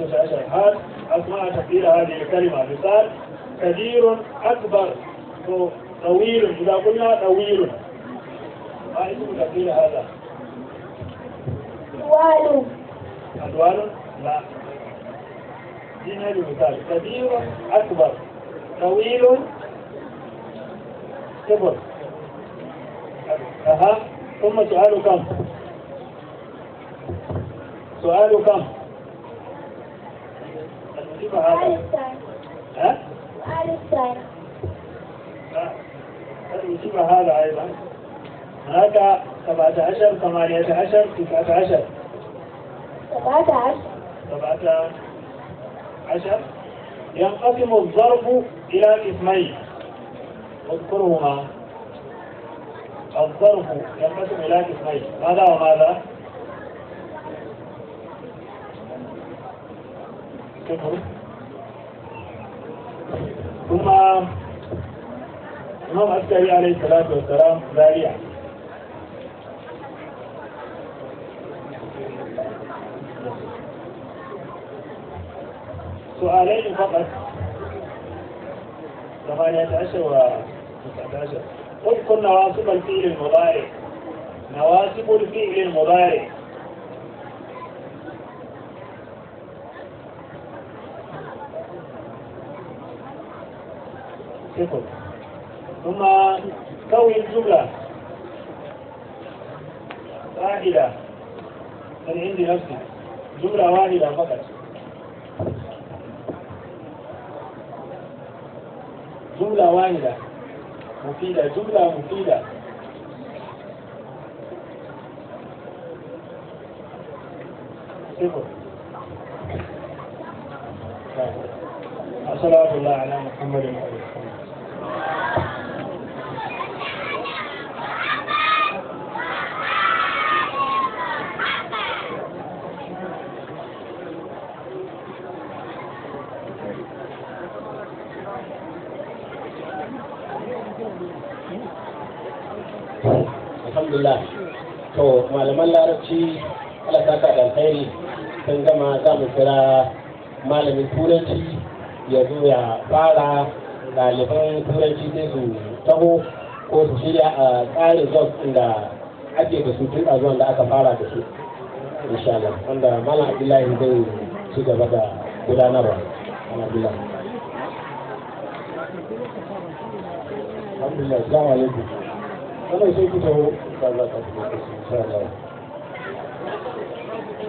Speaker 1: تسع عشر حال أسماء تقدير هذه الكلمة مثال كبير أكبر طويل إذا قلنا طويل ما اسم تقدير هذا؟ أدوال أدوال؟ لا دين هذه المثال كبير أكبر طويل كبر أها ثم سؤال كم؟ سؤال كم؟
Speaker 2: ها؟
Speaker 1: هذا أيضا هناك سبعة عشر ثمانية عشر تسعة ينقسم الضرب إلى قسمين اذكرهما الضرب ينقسم إلى قسمين ماذا وماذا؟ ثم نوم askari عليه الصلاة والسلام zaria سؤالين فقط ثمانية عشر وتسعة عشر كن نواسب الفعل المضارع نواسب الفعل المضارع ثم كون الجملة واحدة من عند نفسي جملة واحدة فقط جملة واحدة مفيدة جملة مفيدة صفر
Speaker 2: صلوات الله على محمد وعلى
Speaker 1: malaman larabci ala saka da alkhairi sun gama za mu kira malamin turanci ya zo ya fara ɗaliban turanci sai su taho ko su shirya a tsarin jos da ake da su tun a zuwan da aka fara da su insha Allah wanda malam Abdullahi zai ci gaba da gudanarwa malam Abdullahi alhamdulillah assalamu alaikum wannan sai ku taho da za ka tafi insha Allah
Speaker 2: Allah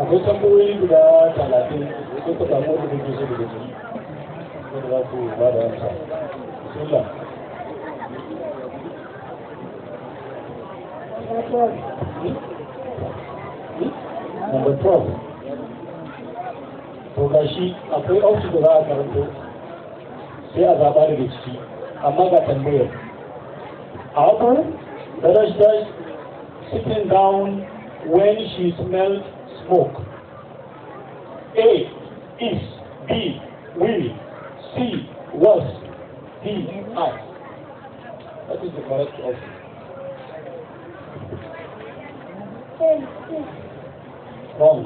Speaker 2: akwai
Speaker 1: tambayoyi guda talatin sai ka samu wata da ba da amsa. Bismillah. number 12 to ga akwai auki da za a karanto sai a zaɓa daga ciki amma ga tambayar apple the dash dash sitting down when she smelled smoke a is b will c was d i that is the correct option Wrong.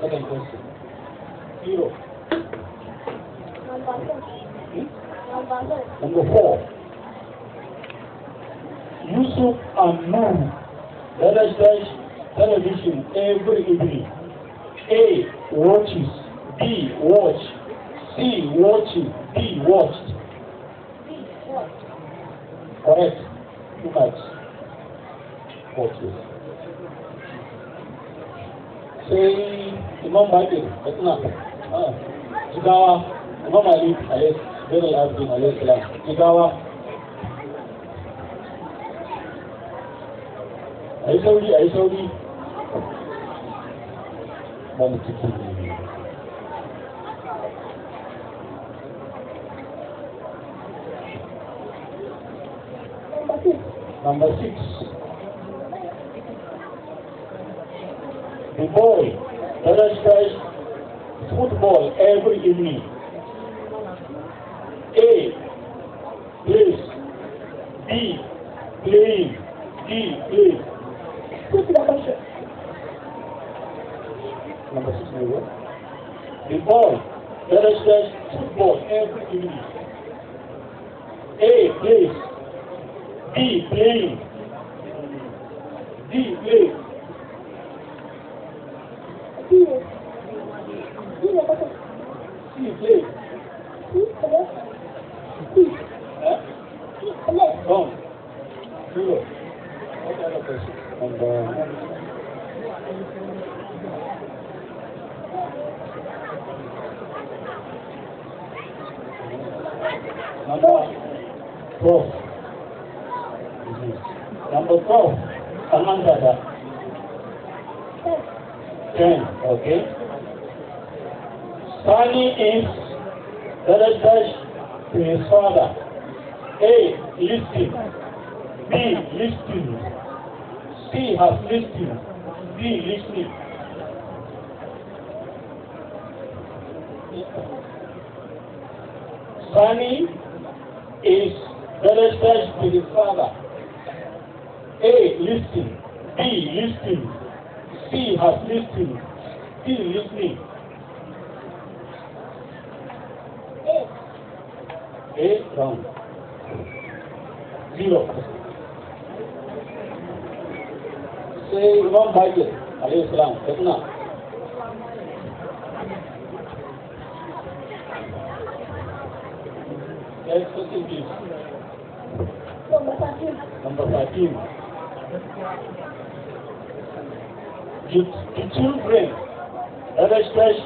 Speaker 1: Second question. Zero.
Speaker 2: Number six. Hmm? Number six.
Speaker 1: Number four. Yusuf and Nun. television every evening. A. Watches. B. Watch. C. Watching. D. Watched. D. Watched. Correct. Too much. wato sai imam malik da suna ah, jigawa imam malik abdin jigawa sauri sauri Number six. football. Palace plays football every evening. A please. B playing. D play. Number six, number one. The ball. Palace football every evening. A please. B playing. D plays.
Speaker 2: Qui Qui n'a pas compris Qui Qui Qui Qui Bon. Sure. And, uh, Number 12.
Speaker 1: Number 12. Amanda. Yes. 10, okay? Sani is Darajash to his father. A. Listen. B. Listening. C. Has listened. D. Listening. Sani is Darajash to his father. A. Listening. B. Listening. He has listened. He is listening. Eight round. Zero. Say Imam Bajir, alayhi salam, Fitna. Next question please.
Speaker 2: Number 13. Number 13.
Speaker 1: the, the children NSS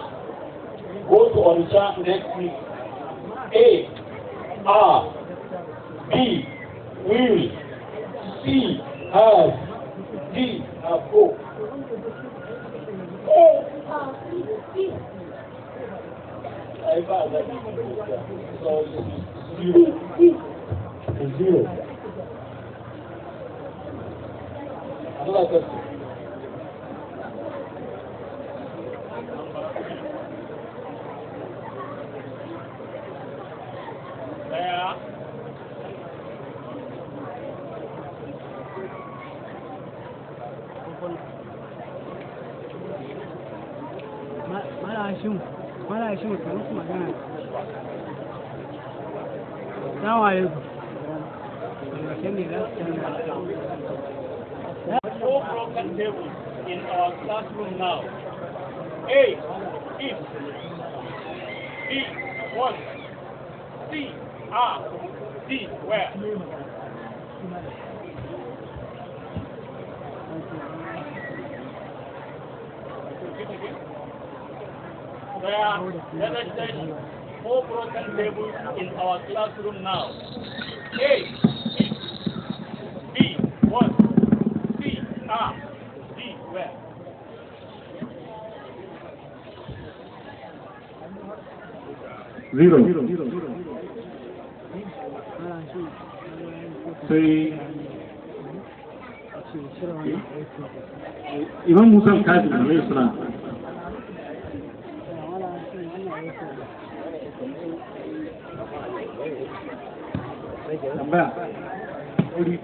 Speaker 1: go to Onitsha next week. A. R. B. Will. C. Have. D. Have go.
Speaker 2: A. R. B.
Speaker 1: I found that
Speaker 2: so zero. Zero. Another question.
Speaker 1: Hashimu mala you Four broken tables in our classroom now. A, if. B, one.
Speaker 2: C, R. D, where?
Speaker 1: where demonstrating four broken tables in our classroom now. A, B, what? C, R, D, where? Zero. Zero. Zero.
Speaker 2: Three. İmam Musa Then What do you?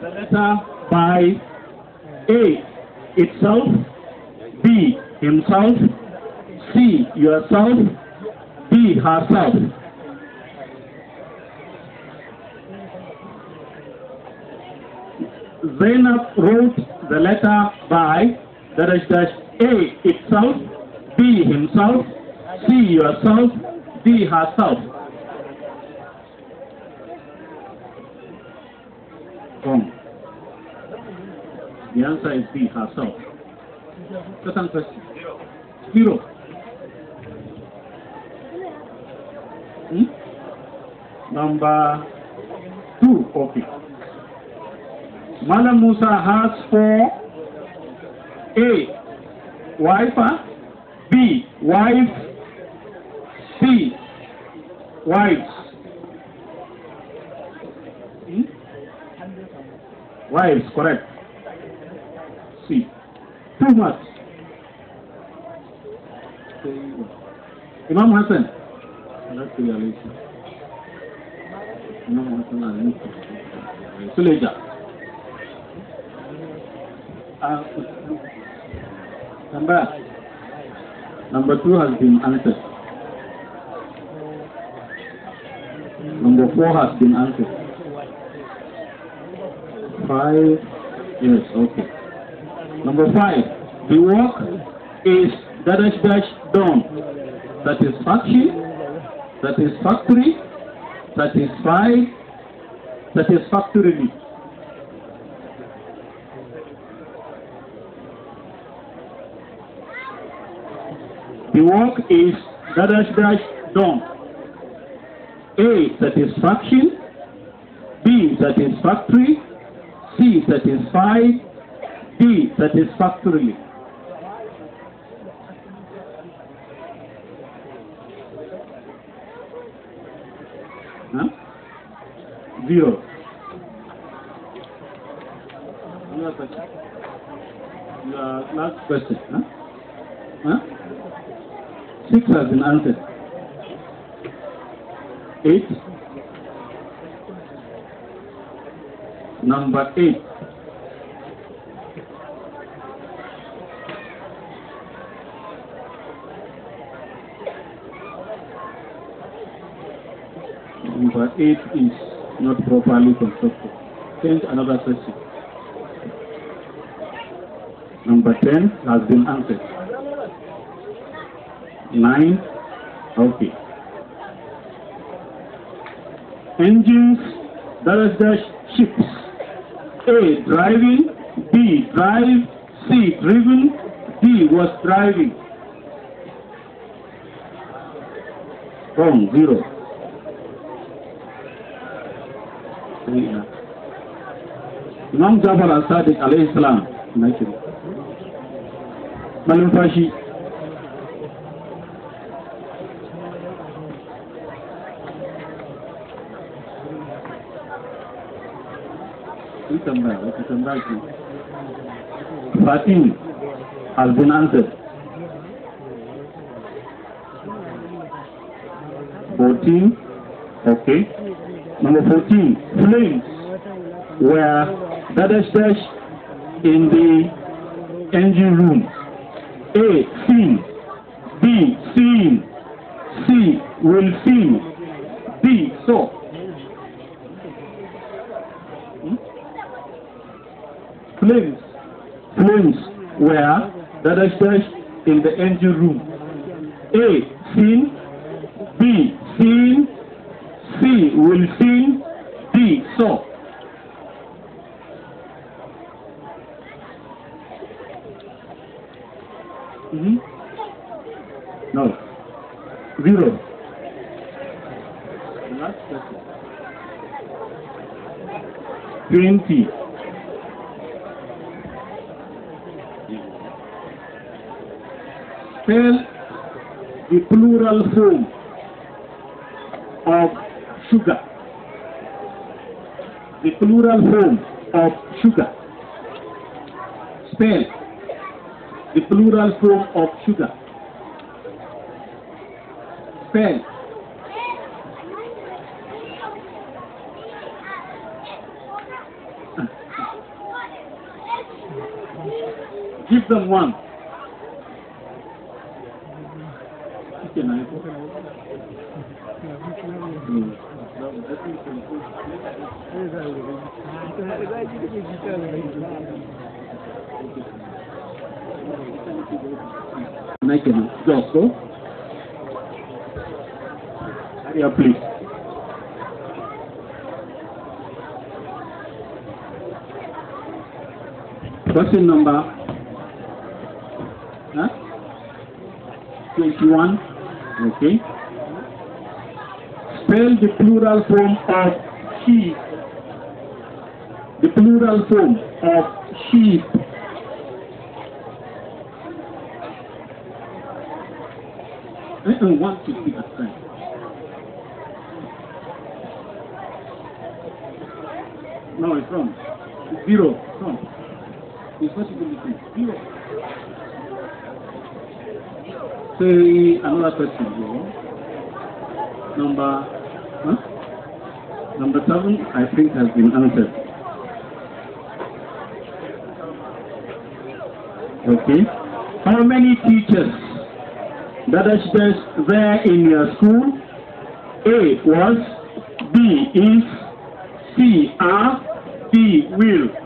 Speaker 1: The letter by A itself, B himself, C yourself, D herself. Zainab wrote the letter by that is dash A itself, B himself, C yourself, D herself. Wrong. The answer is B herself. Second question. Zero. Hmm? Number two, okay. Malam Musa has four. A. Wife. Ah? B. Wife. C. Wives. Hmm? Wives, correct. C. Too much. Imam Hassan. That's the Imam Hassan. Suleja. Number two has been answered. Number four has been answered. Five. Yes, okay. Number five. The work is dash dash done. Satisfactory, Satisfactory. Satisfied. Satisfactorily. work is dash dash done. A. Satisfaction. B. Satisfactory. C. Satisfied. D. Satisfactorily.
Speaker 2: Huh? Zero.
Speaker 1: last question. Huh? Six has been answered. Eight. Number eight. Number eight is not properly constructed. Change another question. Number ten has been answered. 9. Okay. Engines, dash dash ships. A. Driving. B. Drive. C. Driven. D. Was driving. Wrong. Zero. Yeah. Imam Jafar al-Sadiq alayhi salam. Malumfashi. Tambaya, Fatim has been answered. 14, okay. Number 14, flames were dash dash in the engine room. A, seen. B, seen. C, will seen. D, saw. claims, claims were directed in the engine room. A. Seen. B. Seen. C. Will see. D. Saw. Mm -hmm. No. Zero. Twenty.
Speaker 2: spell the plural form of
Speaker 1: sugar. The plural form of sugar. Spell the plural form of sugar. Spell
Speaker 2: Give them one.
Speaker 1: Naked, just so. Hurry up, please. Question number huh? 21. Okay. Spell the plural form of sheep, the plural form
Speaker 2: of sheep.
Speaker 1: I don't want to see at time. No, it's wrong. It's zero. Wrong. It's not equal to Zero. Say another question. Number Number seven, I think, has been answered. Okay. How many teachers that is there in your school? A was, B is, C are, D will.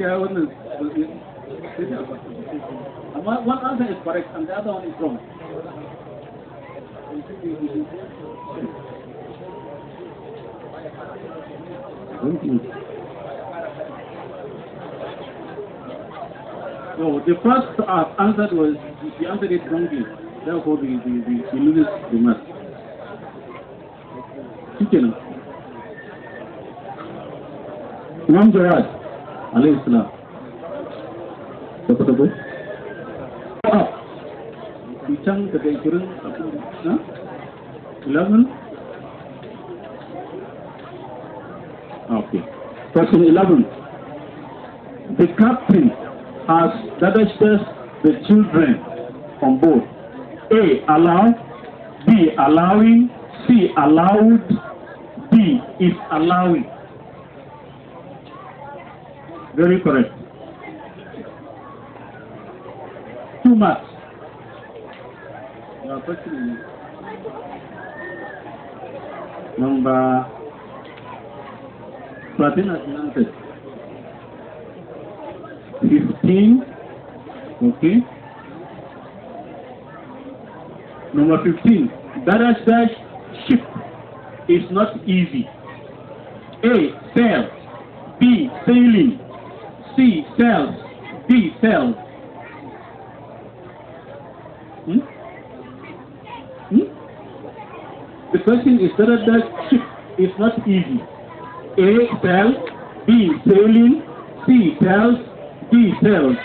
Speaker 1: Yeah, wouldn't it? One, one answer is correct and the other one is wrong. Thank you. So the first uh, answer was the answer is wrong. Therefore, the, the, the, she loses the match. Chicken. Imam Ali Islam Siapa tu? Ah. Bincang kedai kurang Eleven? Okay. Question eleven. The captain has directed the children on board. A. Allow. B. Allowing. C. Allowed. D. Is allowing. Very correct. Too much. Your question is number 13 has been answered. 15, okay. Number fifteen. dash dash ship is not easy. A. Sail. B. Sailing. C cells, B cells. Hmm? Hmm? The question is that the is not easy. A cells, B saline, C cells, D cells.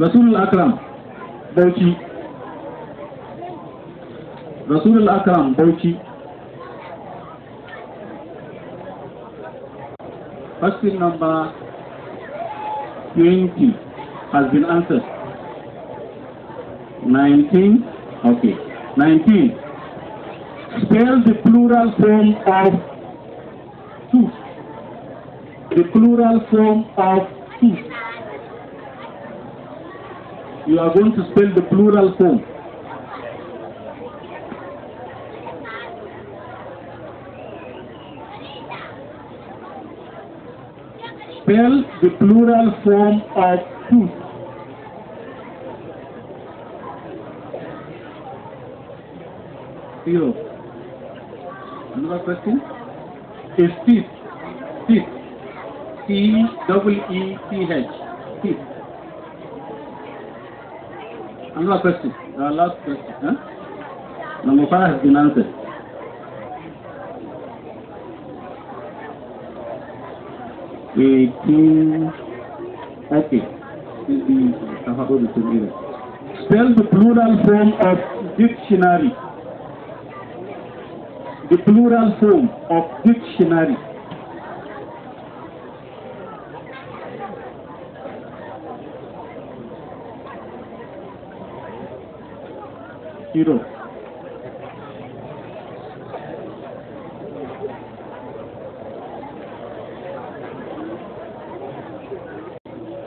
Speaker 1: rasulul akram bauchi rasulul akram bauchi question number 20 has been answered 19 okay 19 spell the plural form of two the plural form of two you are going to spell the plural form.
Speaker 2: Spell the plural form of tooth.
Speaker 1: Zero. Another question? Is teeth. Teeth. t Teeth. Another question. Uh, last question. Huh? Number five has been answered. Eighteen. Okay. Spell the plural form of dictionary. The plural form of dictionary. students.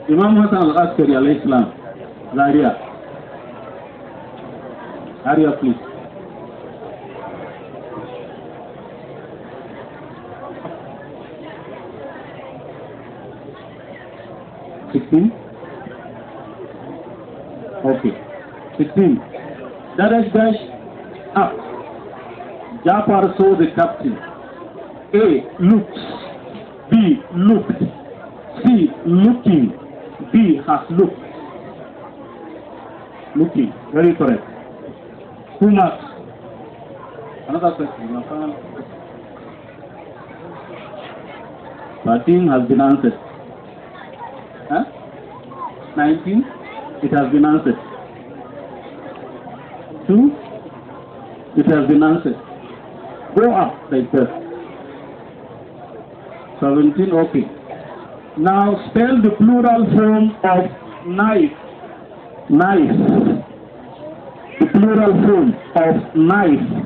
Speaker 1: Imam Hasan al-Askari al-Islam, Zaria. Zaria, please. Sixteen? Okay. Sixteen. Dash dash up. Japar saw the captain. A. Looks. B. Looked. C. Looking. B. Has looked. Looking. Very correct. Who marks? Another question. Thirteen has been answered. Huh? Nineteen? It has been answered. has been answered. Go up like 17, okay. Now spell the plural form of knife. Knife. The plural form of knife.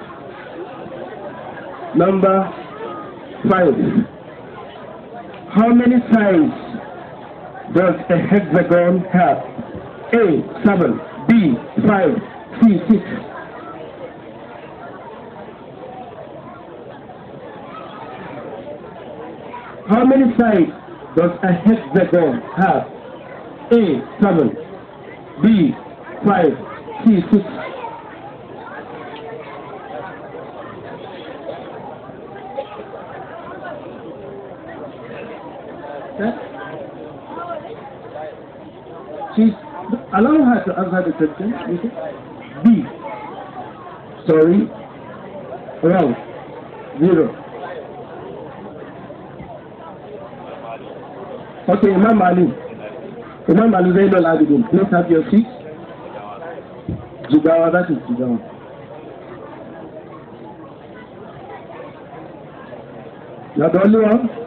Speaker 1: Number five. How many sides does a hexagon have? A. Seven. B. Five. C. Six. How many sides does a hexagon have? A. Seven. B. Five. C. Six. not a sentence, is it? B. Sorry. round Zero. Okay, Imam Ali. Imam Ali Zainul Abidin, please have your seat. Jigawa, that is Jigawa. Not the only one.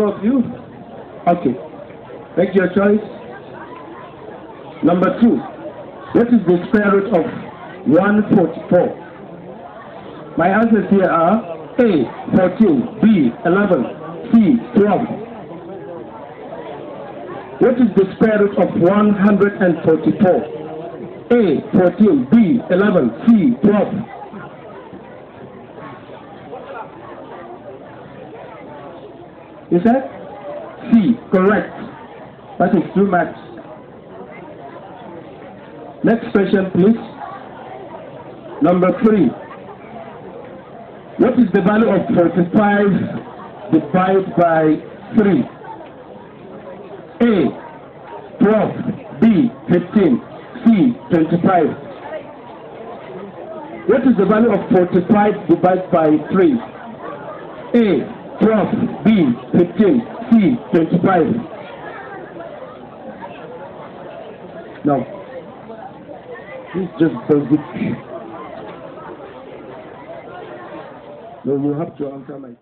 Speaker 1: two of you? Okay. Make your choice. Number two. What is the spirit of 144? My answers here are A. 14. B. 11. C. 12. What is the spirit root of 144? A. 14. B. 11. C. 12. You said? C. Correct. That is too much. Next question, please. Number three. What is the value of forty-five divided by 3? A. 12. B. 15. C. 25. What is the value of 45 divided by 3? A. 12, B, 15, C, 25. Now, this is just basic. No, you have to answer my.